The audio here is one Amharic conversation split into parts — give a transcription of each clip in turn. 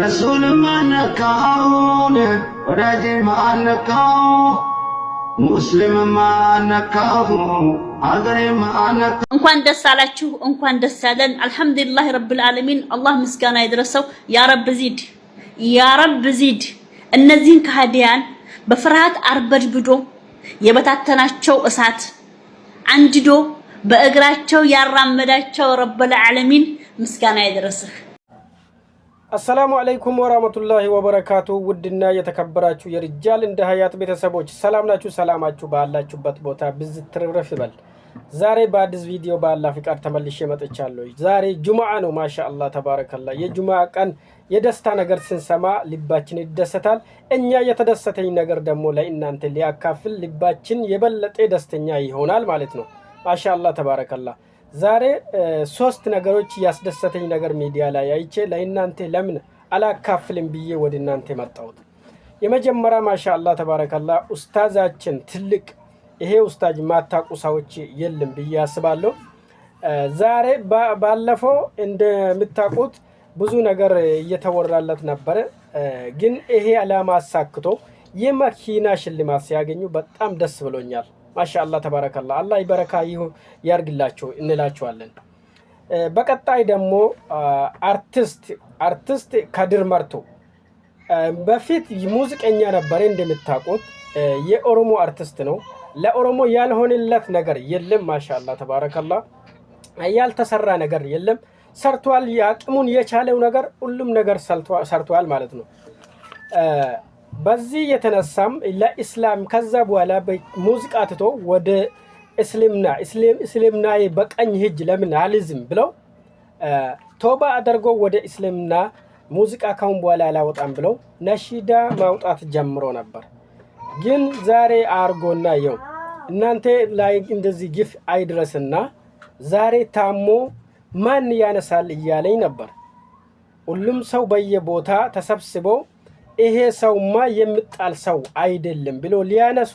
ረሱልም አነካውን ወዳጅም አነካው ሙስሊምም አነካው ሀገሬም አነካ። እንኳን ደስ አላችሁ፣ እንኳን ደስ ያለን። አልሐምዱሊላህ ረብል ዓለሚን አላህ ምስጋና የደረሰው ያ ረብ ዚድ፣ ያ ዚድ። እነዚህን ከሃዲያን በፍርሃት አርበድብዶ የበታተናቸው እሳት አንድዶ በእግራቸው ያራመዳቸው ረብል ዓለሚን ምስጋና የደረሰህ አሰላሙ አለይኩም ወራህመቱላሂ ወበረካቱ። ውድና የተከበራችሁ የርጃል እንደ ሀያት ቤተሰቦች ሰላም ናችሁ? ሰላማችሁ ባላችሁበት ቦታ ብዝ ትርፍረፍ ይበል። ዛሬ በአዲስ ቪዲዮ በአላ ፍቃድ ተመልሼ መጥቻለሁ። ዛሬ ጁምዓ ነው። ማሻአላህ ተባረከላ። የጁምዓ ቀን የደስታ ነገር ስንሰማ ልባችን ይደሰታል። እኛ የተደሰተኝ ነገር ደግሞ ለእናንተ ሊያካፍል ልባችን የበለጠ ደስተኛ ይሆናል ማለት ነው። ማሻአላህ ተባረከላ ዛሬ ሶስት ነገሮች ያስደሰተኝ ነገር ሚዲያ ላይ አይቼ ለእናንተ ለምን አላካፍልም ብዬ ወደ እናንተ መጣሁት። የመጀመሪያ ማሻአላ ተባረከላ ኡስታዛችን ትልቅ ይሄ ኡስታዝ ማታቁ ሰዎች የለም ብዬ አስባለሁ። ዛሬ ባለፈው እንደምታውቁት ብዙ ነገር እየተወራለት ነበረ፣ ግን ይሄ አላማ አሳክቶ የመኪና ሽልማት ሲያገኙ በጣም ደስ ብሎኛል። ማሻአላ ተባረከላ አላህ በረካ ያርግላቸው እንላቸዋለን። በቀጣይ ደግሞ አርቲስት አርቲስት ከድር መርቶ በፊት ሙዚቀኛ ነበረ፣ እንደምታውቁት የኦሮሞ አርቲስት ነው። ለኦሮሞ ያልሆነለት ነገር የለም። ማሻአላ ተባረከላ ያልተሰራ ነገር የለም። ሰርቷል፣ የአቅሙን የቻለው ነገር ሁሉም ነገር ሰርቷል ማለት ነው። በዚህ የተነሳም ለኢስላም ከዛ በኋላ ሙዚቃ ትቶ ወደ እስልምና እስልምና በቀኝ ህጅ ለምን አልዝም ብለው ቶባ አድርጎ ወደ እስልምና ሙዚቃ ካሁን በኋላ አላወጣም ብለው ነሺዳ ማውጣት ጀምሮ ነበር። ግን ዛሬ አርጎና የው እናንተ ላይ እንደዚህ ግፍ አይድረስና ዛሬ ታሞ ማን ያነሳል እያለኝ ነበር። ሁሉም ሰው በየቦታ ተሰብስበው ይሄ ሰውማ የምጣል ሰው አይደለም ብሎ ሊያነሱ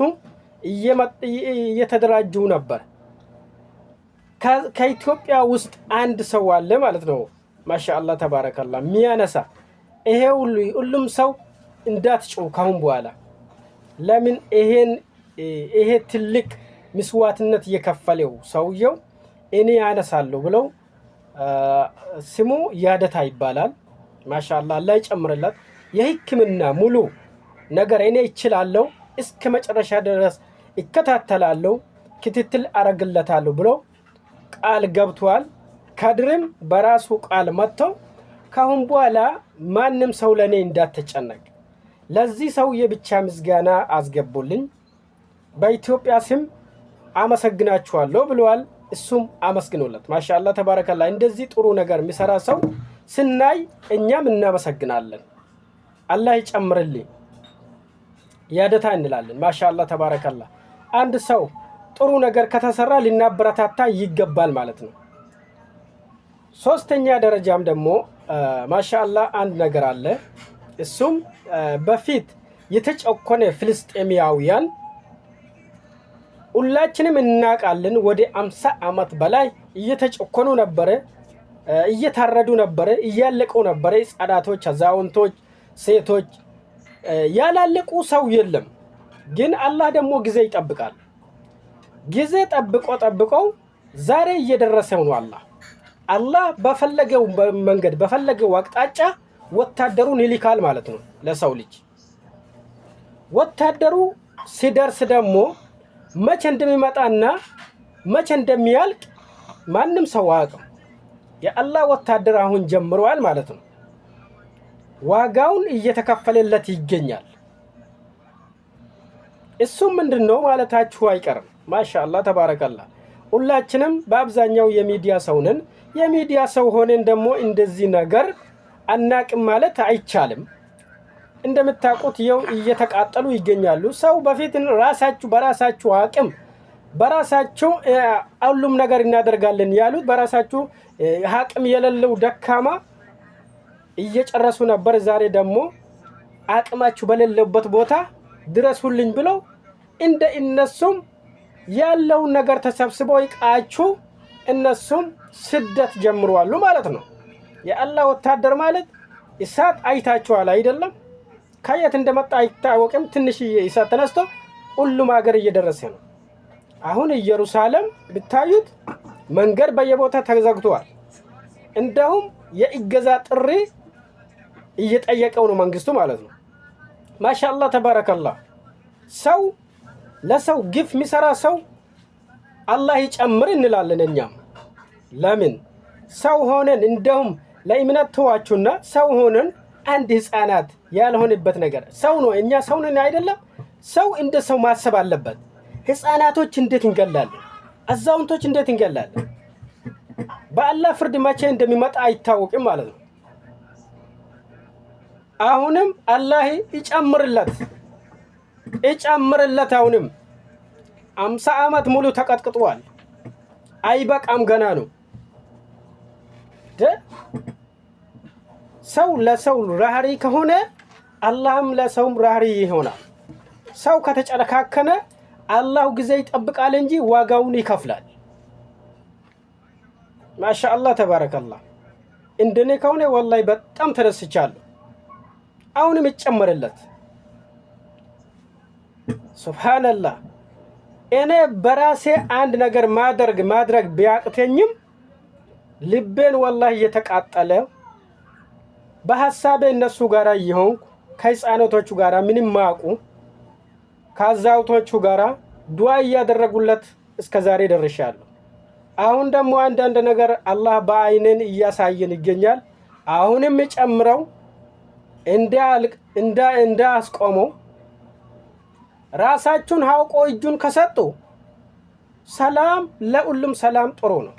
እየተደራጁ ነበር። ከኢትዮጵያ ውስጥ አንድ ሰው አለ ማለት ነው። ማሻአላ ተባረከላ ሚያነሳ ይሄ ሁሉ ሁሉም ሰው እንዳትጮው ካሁን በኋላ ለምን ይሄን ይሄ ትልቅ ምስዋትነት የከፈለው ሰውየው እኔ ያነሳለሁ ብለው ስሙ ያደታ ይባላል። ማሻአላ ላይ ጨምርለት የህክምና ሙሉ ነገር እኔ ይችላለው እስከ መጨረሻ ድረስ ይከታተላለው ክትትል አረግለታለሁ ብሎ ቃል ገብቷል። ከድርም በራሱ ቃል መጥተው ካሁን በኋላ ማንም ሰው ለእኔ እንዳትጨነቅ ለዚህ ሰውዬ ብቻ ምስጋና አስገቡልኝ፣ በኢትዮጵያ ስም አመሰግናችኋለሁ ብለዋል። እሱም አመስግኖለት ማሻላ ተባረከላ። እንደዚህ ጥሩ ነገር የሚሰራ ሰው ስናይ እኛም እናመሰግናለን። አላህ ይጨምርልኝ ያደታ እንላለን። ማሻላ ተባረከላ። አንድ ሰው ጥሩ ነገር ከተሰራ ሊናበረታታ ይገባል ማለት ነው። ሶስተኛ ደረጃም ደግሞ ማሻላ አንድ ነገር አለ። እሱም በፊት የተጨኮነ ፍልስጤሚያውያን ሁላችንም እናውቃለን። ወደ አምሳ ዓመት በላይ እየተጨኮኑ ነበረ፣ እየታረዱ ነበረ፣ እያለቀው ነበረ። ሕፃናቶች፣ አዛውንቶች ሴቶች ያላለቁ ሰው የለም። ግን አላህ ደግሞ ጊዜ ይጠብቃል። ጊዜ ጠብቆ ጠብቀው ዛሬ እየደረሰው ነው። አላህ አላህ በፈለገው መንገድ በፈለገው አቅጣጫ ወታደሩን ይልካል ማለት ነው ለሰው ልጅ። ወታደሩ ሲደርስ ደግሞ መቼ እንደሚመጣና መቼ እንደሚያልቅ ማንም ሰው አያውቅም። የአላህ ወታደር አሁን ጀምረዋል ማለት ነው። ዋጋውን እየተከፈለለት ይገኛል። እሱም ምንድን ነው ማለታችሁ አይቀርም። ማሻላ ተባረከላ። ሁላችንም በአብዛኛው የሚዲያ ሰው ነን። የሚዲያ ሰው ሆነን ደግሞ እንደዚህ ነገር አናቅም ማለት አይቻልም። እንደምታውቁት ይኸው እየተቃጠሉ ይገኛሉ። ሰው በፊት ራሳችሁ በራሳችሁ አቅም በራሳችሁ ሁሉም ነገር እናደርጋለን ያሉት በራሳችሁ አቅም የሌለው ደካማ እየጨረሱ ነበር። ዛሬ ደግሞ አቅማችሁ በሌለበት ቦታ ድረሱልኝ ብለው እንደ እነሱም ያለውን ነገር ተሰብስበው ይቃችሁ እነሱም ስደት ጀምረዋሉ ማለት ነው። የአላህ ወታደር ማለት እሳት አይታችኋል አይደለም? ከየት እንደመጣ አይታወቅም። ትንሽዬ እሳት ተነስቶ ሁሉም ሀገር እየደረሰ ነው። አሁን ኢየሩሳሌም ብታዩት መንገድ በየቦታ ተዘግቷል። እንደውም የእገዛ ጥሪ እየጠየቀው ነው መንግስቱ ማለት ነው። ማሻላ ተባረከላ። ሰው ለሰው ግፍ የሚሰራ ሰው አላህ ይጨምር እንላለን። እኛም ለምን ሰው ሆነን እንደውም ለእምነት ተዋችሁና ሰው ሆነን አንድ ህፃናት ያልሆነበት ነገር ሰው ነው። እኛ ሰው ነን አይደለም። ሰው እንደ ሰው ማሰብ አለበት። ህፃናቶች እንዴት እንገላለን? አዛውንቶች እንዴት እንገላለን? በአላህ ፍርድ መቼ እንደሚመጣ አይታወቅም ማለት ነው። አሁንም አላህ ይጨምርለት ይጨምርለት። አሁንም አምሳ ዓመት ሙሉ ተቀጥቅጧል። አይበቃም፣ ገና ነው። ሰው ለሰው ራህሪ ከሆነ አላህም ለሰውም ራህሪ ይሆናል። ሰው ከተጨረካከነ አላሁ ጊዜ ይጠብቃል እንጂ ዋጋውን ይከፍላል። ማሻአላህ ተባረከላህ። እንደኔ ከሆነ ወላይ በጣም ተደስቻለሁ። አሁንም ይጨመርለት። ሱብሃነላህ። እኔ በራሴ አንድ ነገር ማድረግ ማድረግ ቢያቅተኝም ልቤን ወላህ እየተቃጠለ በሀሳቤ እነሱ ጋራ እየሆንኩ ከህፃኖቶቹ ጋራ ምንም ማቁ ከአዛውቶቹ ጋራ ዱዋ እያደረጉለት እስከ ዛሬ ደርሻለሁ። አሁን ደግሞ አንዳንድ ነገር አላህ በአይንን እያሳየን ይገኛል። አሁንም ጨምረው እንዳያልቅ እንዳያስቆመው ራሳችሁን አውቆ እጁን ከሰጡ ሰላም ለሁሉም ሰላም ጥሩ ነው።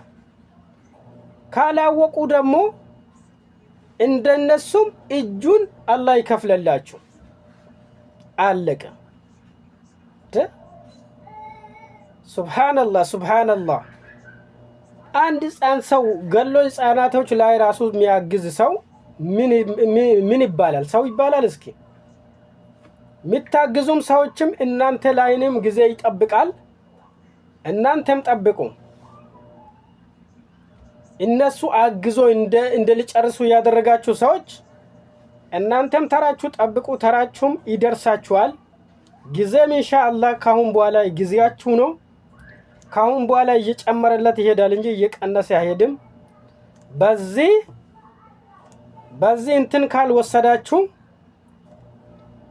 ካላወቁ ደግሞ እንደነሱም እጁን አላህ ይከፍለላችሁ። አለቀ። ሱብሓነላህ ሱብሓነላህ። አንድ ህፃን ሰው ገሎ ህፃናቶች ላይ ራሱ የሚያግዝ ሰው ምን ይባላል? ሰው ይባላል? እስኪ የሚታግዙም ሰዎችም እናንተ ላይንም ጊዜ ይጠብቃል፣ እናንተም ጠብቁ። እነሱ አግዞ እንደ ሊጨርሱ ያደረጋችሁ ሰዎች እናንተም ተራችሁ ጠብቁ፣ ተራችሁም ይደርሳችኋል። ጊዜም ኢንሻ አላህ ካሁን በኋላ ጊዜያችሁ ነው። ካሁን በኋላ እየጨመረለት ይሄዳል እንጂ እየቀነሰ አይሄድም። በዚህ በዚህ እንትን ካልወሰዳችሁ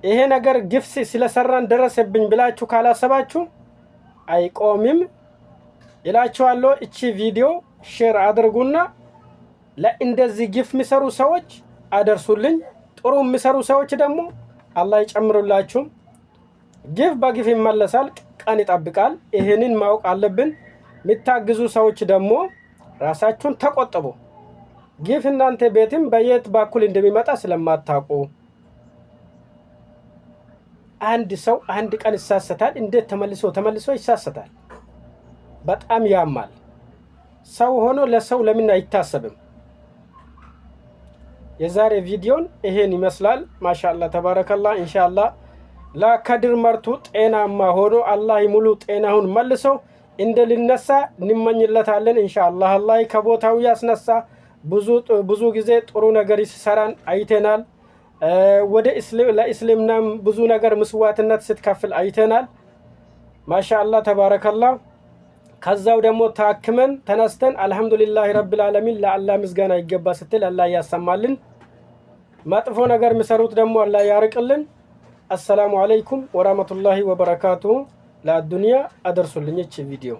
ይሄ ነገር ግፍስ ስለሰራን ደረሰብኝ ብላችሁ ካላሰባችሁ አይቆምም ይላችኋለሁ። እቺ ቪዲዮ ሼር አድርጉና ለእንደዚህ ግፍ የሚሰሩ ሰዎች አደርሱልኝ። ጥሩ የሚሰሩ ሰዎች ደግሞ አላህ ይጨምሩላችሁ። ግፍ በግፍ ይመለሳል፣ ቀን ይጠብቃል። ይህንን ማወቅ አለብን። የሚታግዙ ሰዎች ደግሞ ራሳችሁን ተቆጥቡ። ጊፍ እናንተ ቤትም በየት በኩል እንደሚመጣ ስለማታውቁ አንድ ሰው አንድ ቀን ይሳሰታል። እንዴት ተመልሶ ተመልሶ ይሳሰታል? በጣም ያማል። ሰው ሆኖ ለሰው ለምን አይታሰብም? የዛሬ ቪዲዮን ይሄን ይመስላል። ማሻላ ተባረከላ። እንሻላ ለከድር መርቱ ጤናማ ሆኖ አላህ ሙሉ ጤናሁን መልሶ እንደ ልነሳ እንመኝለታለን። እንሻላ አላህ ከቦታው ያስነሳ ብዙ ጊዜ ጥሩ ነገር ሲሰራን አይተናል። ወደ ለእስልምና ብዙ ነገር ምስዋትነት ስትከፍል አይተናል። ማሻአላ ተባረከላ። ከዛው ደግሞ ታክመን ተነስተን አልሐምዱሊላህ ረብል ዓለሚን ለአላህ ምስጋና ይገባ ስትል አላህ ያሰማልን። መጥፎ ነገር የሚሰሩት ደግሞ አላህ ያርቅልን። አሰላሙ አለይኩም ወራህመቱላሂ ወበረካቱ ለአዱንያ አደርሱልኝ ይች ቪዲዮ